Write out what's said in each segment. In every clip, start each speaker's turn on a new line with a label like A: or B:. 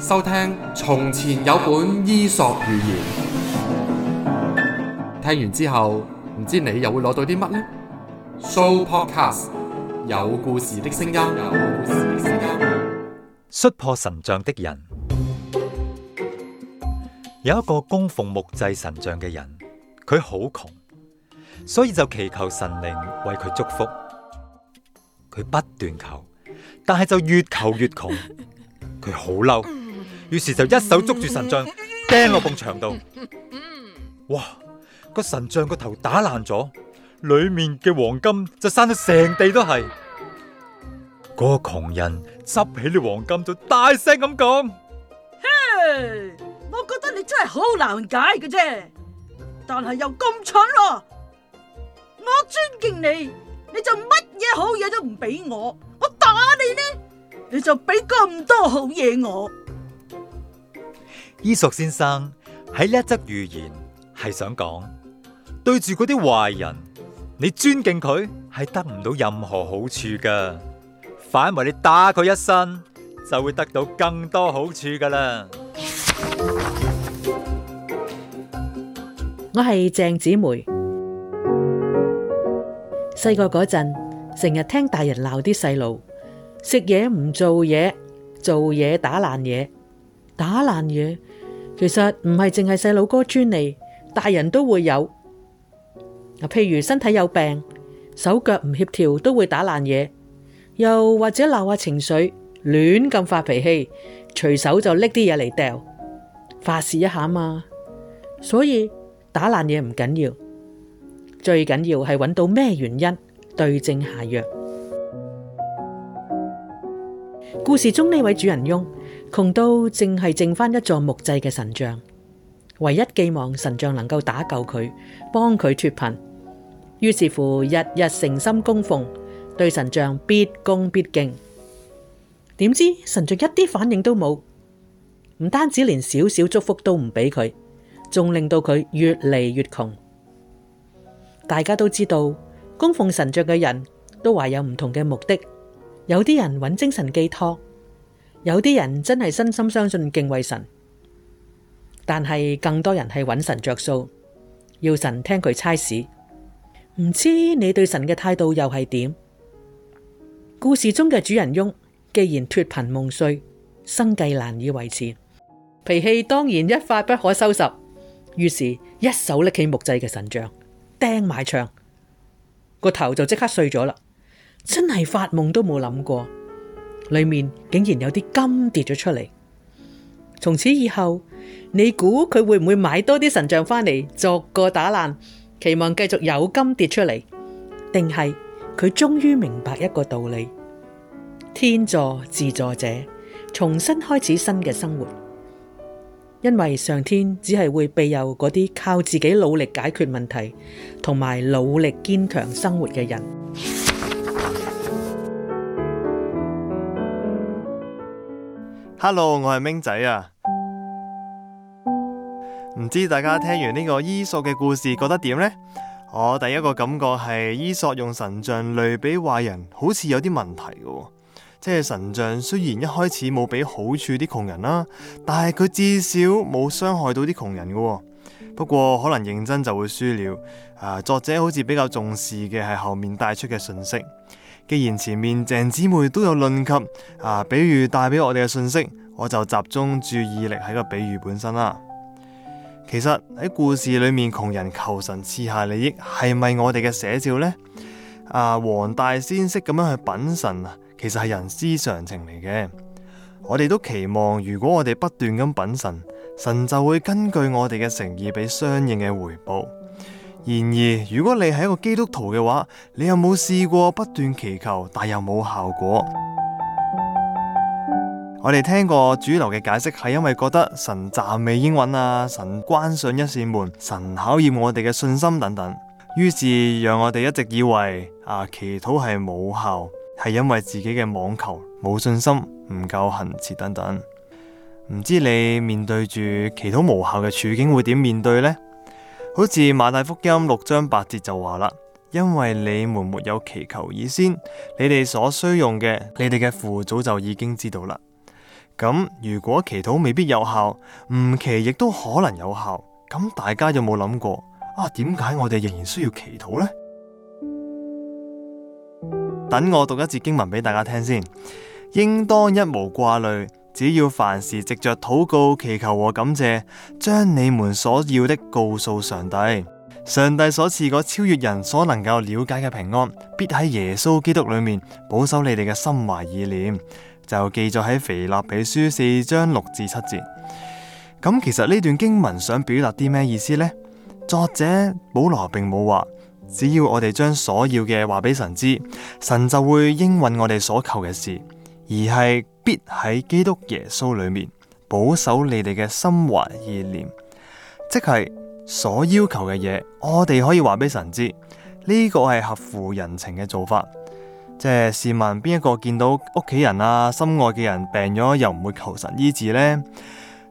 A: 收聽從前有本伊索寓言，聽完之後唔知你又會攞到啲乜呢？Sooo Podcast，有故事的聲音，有故事的聲音。摔破神像的人。有一個供奉木製神像嘅人，佢好窮，所以就祈求神靈為佢祝福。佢不斷求，但係就越求越窮，佢好嬲。於是就一手捉住神像掟落埲牆度，哇！個神像個頭打爛咗，裏面嘅黃金就散到成地都係。嗰個窮人執起啲黃金就大聲咁講
B: ，hey, 我覺得你真係好難解嘅啫，但係又咁蠢咯，啊！我尊敬你，你就乜嘢好嘢都唔俾我，我打你呢，你就俾咁多好嘢我。
A: 伊索先生喺呢一則寓言係想講，對住嗰啲壞人，你尊敬佢係得唔到任何好處噶，反而你打佢一身就會得到更多好處噶啦。
B: 我係鄭子梅，細個嗰陣成日聽大人鬧啲細路，食嘢唔做嘢，做嘢打爛嘢，打爛嘢。其實唔係淨係細佬哥專利，大人都會有。啊，譬如身體有病，手腳唔協調都會打爛嘢，又或者鬧下情緒，亂咁發脾氣，隨手就拎啲嘢嚟掉，發洩一下嘛。所以打爛嘢唔緊要，最緊要係揾到咩原因，對症下藥。故事中呢位主人翁窮到淨係剩翻一座木製嘅神像，唯一寄望神像能夠打救佢，幫佢脫貧。於是乎，日日誠心供奉，對神像必恭必敬。點知神像一啲反應都冇，唔單止連少少祝福都唔俾佢，仲令到佢越嚟越窮。大家都知道，供奉神像嘅人都懷有唔同嘅目的。有啲人揾精神寄託，有啲人真係真心相信敬畏神，但係更多人係揾神着數，要神聽佢差使，唔知你對神嘅態度又係點？故事中嘅主人翁既然脱貧夢碎，生計難以維持，脾氣當然一發不可收拾，於是，一手拎起木製嘅神像，掟埋牆，個頭就即刻碎咗啦。真係發夢都冇諗過，裏面竟然有啲金跌咗出嚟。從此以後，你估佢會唔會買多啲神像翻嚟作個打爛，期望繼續有金跌出嚟？定係佢終於明白一個道理：天助自助者，重新開始新嘅生活。因為上天只係會庇佑嗰啲靠自己努力解決問題，同埋努力堅強生活嘅人。
C: Hello，我係明仔啊，唔知大家聽完呢個伊索嘅故事覺得點呢？我第一個感覺係伊索用神像類比壞人，好似有啲問題嘅，即係神像雖然一開始冇俾好處啲窮人啦，但係佢至少冇傷害到啲窮人嘅。不過可能認真就會輸了，啊，作者好似比較重視嘅係後面帶出嘅信息。既然前面鄭姊妹都有論及啊，比喻帶俾我哋嘅信息，我就集中注意力喺個比喻本身啦。其實喺故事裏面，窮人求神賜下利益，係咪我哋嘅寫照呢？啊，黃大仙式咁樣去品神啊，其實係人之常情嚟嘅。我哋都期望，如果我哋不斷咁品神，神就會根據我哋嘅誠意俾相應嘅回報。然而，如果你係一個基督徒嘅話，你有冇試過不斷祈求但又冇效果？我哋聽過主流嘅解釋，係因為覺得神暫未應允啊，神關上一扇門，神考驗我哋嘅信心等等，於是讓我哋一直以為啊，祈禱係冇效，係因為自己嘅妄求冇信心，唔夠恆切等等。唔知你面對住祈禱無效嘅處境會點面對呢？好似馬大福音六章八節就話啦，因為你們沒有祈求以先，你哋所需用嘅，你哋嘅父祖就已經知道啦。咁如果祈禱未必有效，唔祈亦都可能有效。咁大家有冇諗過啊？點解我哋仍然需要祈禱呢？ 等我讀一節經文俾大家聽先，應當一無掛慮。只要凡事藉着禱告、祈求和感謝，將你們所要的告訴上帝，上帝所賜個超越人所能夠了解嘅平安，必喺耶穌基督裏面保守你哋嘅心懷意念，就記載喺腓立比書四章六至七節。咁其實呢段經文想表達啲咩意思呢？作者保羅並冇話，只要我哋將所要嘅話俾神知，神就會應允我哋所求嘅事，而係。必喺基督耶穌裏面保守你哋嘅心懷意念，即係所要求嘅嘢。我哋可以話俾神知。呢個係合乎人情嘅做法。即係，試問邊一個見到屋企人啊，心愛嘅人病咗，又唔會求神醫治呢？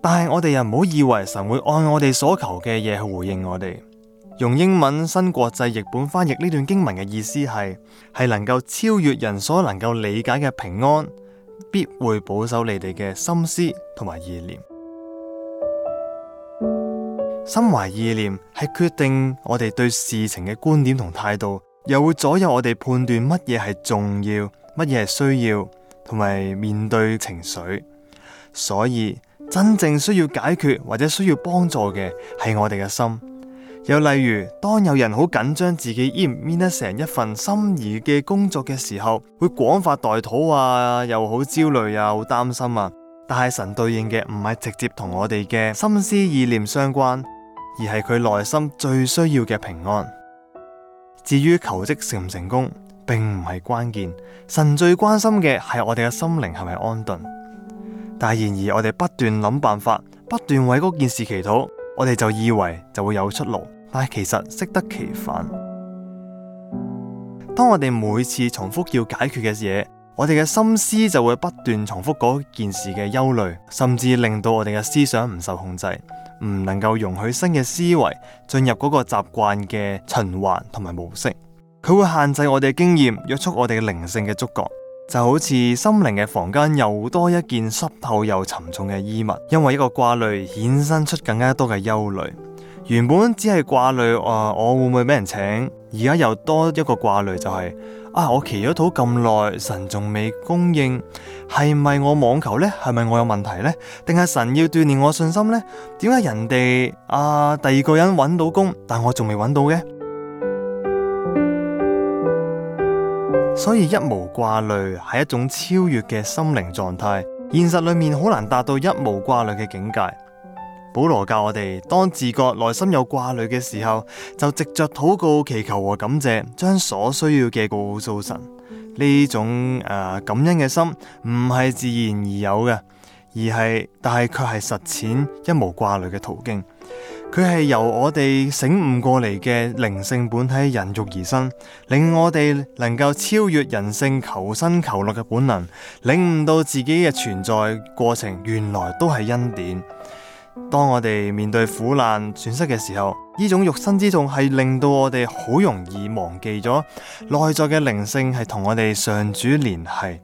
C: 但係我哋又唔好以為神會按我哋所求嘅嘢去回應我哋。用英文新國際譯本翻譯呢段經文嘅意思係，係能夠超越人所能夠理解嘅平安。必會保守你哋嘅心思同埋意念。心懷意念係決定我哋對事情嘅觀點同態度，又會左右我哋判斷乜嘢係重要，乜嘢係需要，同埋面對情緒。所以真正需要解決或者需要幫助嘅，係我哋嘅心。又例如，當有人好緊張自己 in 唔 in 得成一份心儀嘅工作嘅時候，會廣發代禱啊，又好焦慮啊，好擔心啊。但係神對應嘅唔係直接同我哋嘅心思意念相關，而係佢內心最需要嘅平安。至於求職成唔成功，並唔係關鍵，神最關心嘅係我哋嘅心靈係咪安頓。但係然而，我哋不斷諗辦法，不斷為嗰件事祈禱。我哋就以為就會有出路，但係其實適得其反。當我哋每次重複要解決嘅嘢，我哋嘅心思就會不斷重複嗰件事嘅憂慮，甚至令到我哋嘅思想唔受控制，唔能夠容許新嘅思維進入嗰個習慣嘅循環同埋模式。佢會限制我哋嘅經驗，約束我哋嘅靈性嘅觸覺。就好似心靈嘅房間又多一件濕透又沉重嘅衣物，因為一個掛慮衍生出更加多嘅憂慮。原本只係掛慮，啊，我會唔會俾人請？而家又多一個掛慮，就是，就係啊，我騎咗土祈咗禱咁耐，神仲未供應，係咪我網球妄求呢？係咪我有問題呢？定係神要鍛煉我信心呢？點解人哋啊，第二個人揾到工，但我仲未揾到嘅？所以一無掛慮係一種超越嘅心靈狀態，現實裏面好難達到一無掛慮嘅境界。保羅教我哋，當自覺內心有掛慮嘅時候，就藉着禱告、祈求和感謝，將所需要嘅告訴神。呢種誒、呃、感恩嘅心唔係自然而有嘅，而係但係卻係實踐一無掛慮嘅途徑。佢係由我哋醒悟過嚟嘅靈性本體孕育而生，令我哋能夠超越人性求生求樂嘅本能，領悟到自己嘅存在過程原來都係恩典。當我哋面對苦難損失嘅時候，呢種肉身之痛係令到我哋好容易忘記咗內在嘅靈性係同我哋上主聯繫。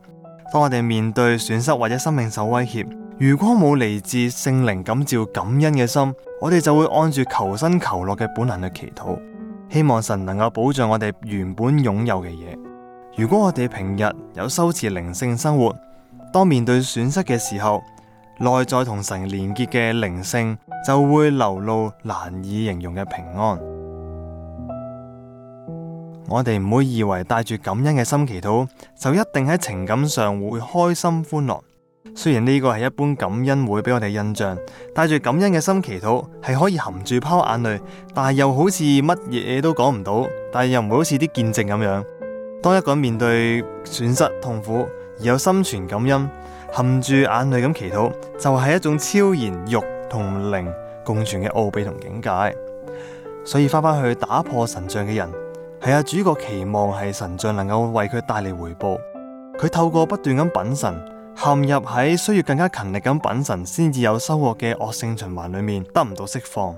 C: 當我哋面對損失或者生命受威脅。如果冇嚟自聖靈感召感恩嘅心，我哋就會按住求生求樂嘅本能去祈禱，希望神能夠保障我哋原本擁有嘅嘢。如果我哋平日有修持靈性生活，當面對損失嘅時候，內在同神連結嘅靈性就會流露難以形容嘅平安。我哋唔會以為帶住感恩嘅心祈禱，就一定喺情感上會開心歡樂。雖然呢個係一般感恩會俾我哋印象，帶住感恩嘅心祈禱，係可以含住拋眼淚，但係又好似乜嘢都講唔到，但係又唔會好似啲見證咁樣。當一個人面對損失、痛苦而有心存感恩，含住眼淚咁祈禱，就係、是、一種超然肉同靈共存嘅奧秘同境界。所以翻翻去打破神像嘅人，係阿、啊、主角期望係神像能夠為佢帶嚟回報，佢透過不斷咁品神。陷入喺需要更加勤力咁品神先至有收穫嘅惡性循環裏面，得唔到釋放。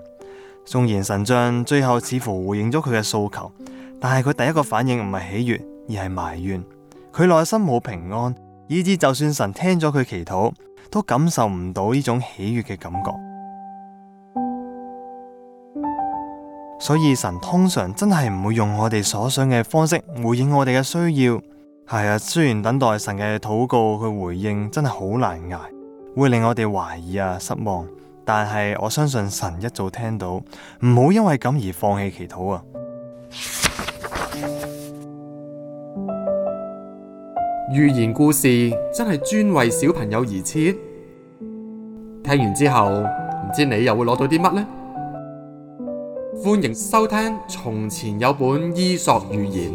C: 縱然神像最後似乎回應咗佢嘅訴求，但係佢第一個反應唔係喜悅，而係埋怨。佢內心冇平安，以致就算神聽咗佢祈禱，都感受唔到呢種喜悅嘅感覺。所以神通常真係唔會用我哋所想嘅方式回應我哋嘅需要。係啊，雖然等待神嘅禱告佢回應真係好難捱，會令我哋懷疑啊、失望，但係我相信神一早聽到，唔好因為咁而放棄祈禱啊！
A: 寓言故事真係專為小朋友而設，聽完之後唔知你又會攞到啲乜呢？歡迎收聽《從前有本伊索寓言》。